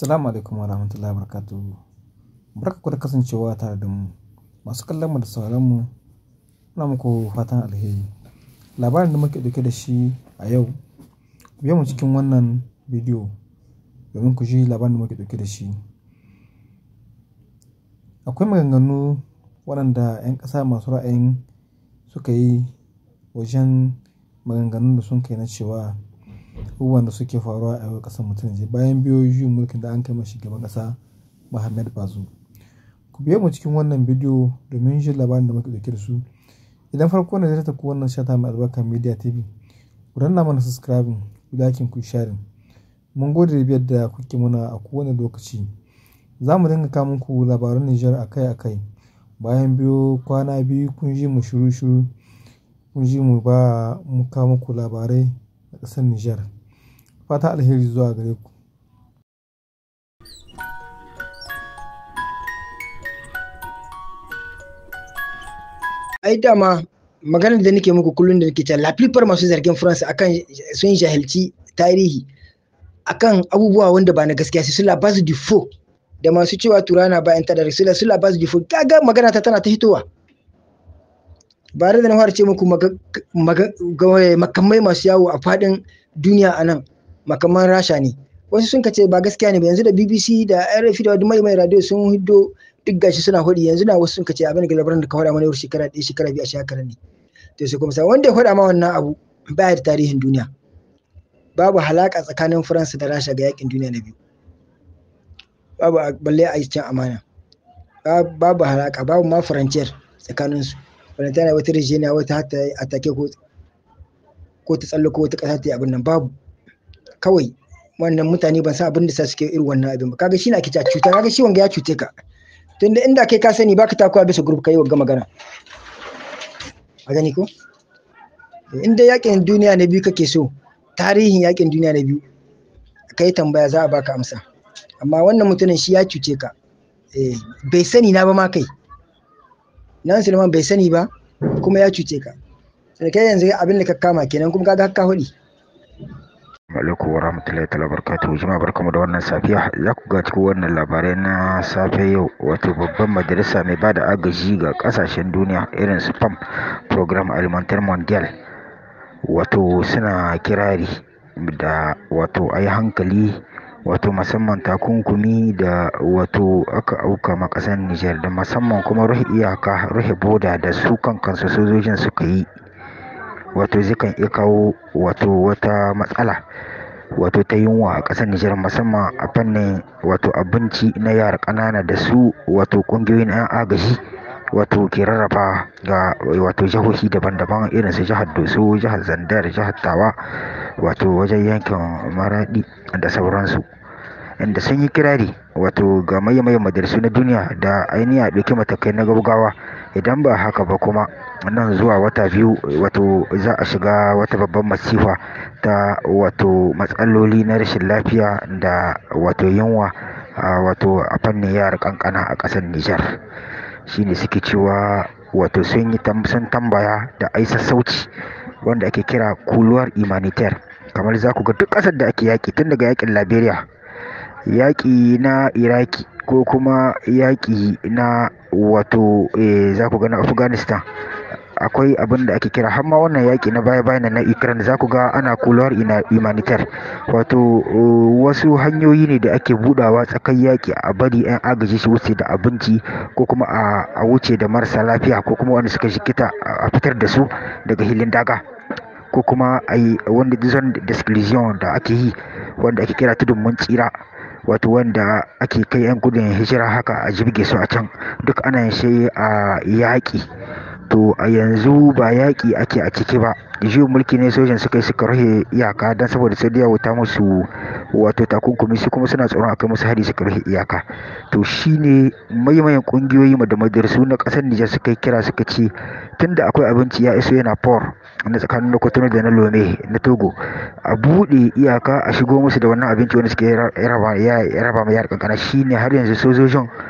Assalamu alaikum wa rahmatullahi wa barakatuhu. Barka da kasancewa tare da mu. Masu kallon mu da sauran mu muna muku fatan alheri. Labarin da muke dauke da shi a yau biyo mu cikin wannan bidiyo domin ku ji labarin da muke dauke da shi. Akwai maganganu waɗanda 'yan ƙasa masu ra'ayin suka yi wajen maganganun da sun kai na cewa abubuwan suke faruwa a yau kasar mutum je bayan biyo juyin mulkin da an kai mashi gaban ƙasa Muhammad Bazoum. Ku biye mu cikin wannan bidiyo domin jin labarin da muke dauke da su. Idan farko ne zai ku wannan shata mai albarkar Media TV. Ku danna mana subscribing, ku dakin ku sharing. Mun gode da biyar da kuke muna a kowane lokaci. Za mu dinga kamun ku labarun Nijar akai-akai. Bayan biyo kwana biyu kun ji mu shiru-shiru kun ji mu ba mu kawo muku labarai a ƙasar Nijar. fata alheri zuwa gare ku ai dama magana da nake muku kullum da nake cewa lafifar masu zargin Faransa akan sun jahilci tarihi akan abubuwa wanda ba na gaskiya sai su labasu dufo da masu cewa turana bayan ta da risila su labasu dufo gaga magana ta tana ta hitowa ba da na fara ce muku makamai masu yawo a fadin duniya a nan Makamman rasha ne wasu sun ce ba gaskiya ne ba yanzu da bbc da R.F da mai mai radio sun hiddo duk gashi suna hudi yanzu na wasu sun ce abin da labaran da ka hada mana yau shekara ɗaya shekara biyu a shekara ne to sai kuma wanda ya hada ma wannan abu baya da tarihin duniya babu halaka tsakanin faransa da rasha ga yakin duniya na biyu babu balle a can amana babu halaka babu ma faranciyar su. farantiya tana wata rijiyar wata hata a ko ta ko wata ƙasa ta yi abin nan babu kawai wannan mutane ban san abin da suke irin wannan abin ba kaga shi na ake cewa cuta kaga shi wanga ya cuce ka tunda inda kai ka sani baka takuwa bisa group kai wanga magana a gani ko inda yakin duniya na biyu kake so tarihin yakin duniya na biyu kai tambaya za a baka amsa amma wannan mutumin shi ya cuce ka eh, bai sani na ba ma kai nan Suleiman bai sani ba kuma ya cuce ka sai kai yanzu abin da ka kama kenan kuma kaga ka hudi alaikum warahmatullahi ta'ala barakatuhu jama'a barkamu da wannan safiya za ku ga cikin wannan labarai na safe yau wato babban majalisa mai ba da agaji ga kasashen duniya irin su pam program alimentar mondial wato suna kirari da wato ai hankali wato musamman takunkumi da wato aka auka ma Nijar da musamman kuma ruhi iyaka ruhi boda da su kan kansu sojojin suka yi wato zai iya kawo wato wata matsala wato ta yunwa a ƙasar Nijar musamman a fannin wato abinci na yara ƙanana da su wato ƙungiyoyin 'yan agaji wato ke rarraba ga wato jihohi daban-daban irin su jihar Doso, jihar Zandar, jihar Tawa wato wajen yankin Maradi da sauransu. Inda sun yi kirari wato ga maye-mayen na duniya da ainihin a ɗauki matakai na gaggawa idan ba haka ba kuma. nan zuwa wata biyu wato za a shiga wata babban masifa ta wato matsaloli na rashin lafiya da wato yunwa a wato a fannin yara kankana a ƙasar Nijar shine suke cewa wato sun yi sun tambaya da aisa-sauci, wanda ake kira kuluwar imanitar kamar za ku ga duk ƙasar da ake yaƙi tun daga yaƙin Liberia yaƙi na Iraki ko kuma yaƙi na wato eh, za ku ga na Afghanistan akwai abin da ake kira hamma wannan yaƙi na baya bayan na Ukraine za ku ga ana kulawar ina humanitar wato uh, wasu hanyoyi ne da ake budawa tsakan yaƙi a bari yan agaji su wuce da abinci ko kuma a wuce da marasa lafiya ko kuma wanda suka jikita a fitar da su daga hilin daga ko kuma a yi wanda zone d'exclusion da ake yi wanda ake kira tudun mun tsira wato wanda ake kai 'yan gudun hijira haka a jirge su a can duk ana yin shi a yaƙi to a yanzu ba yaƙi ake a ciki ba jiyo mulki ne sojan suka yi suka rahe iyaka don saboda saudiya wuta musu wato takunkumi su kuma suna tsoron akai musu hari suka rahe iyaka to shi ne maimayan kungiyoyi da su na ƙasar nijar suka yi kira suka ce da akwai abinci ya iso yana por na tsakanin na da na lome na togo a buɗe iyaka a shigo musu da wannan abinci suka suke raba ma yar shi ne har yanzu sojojin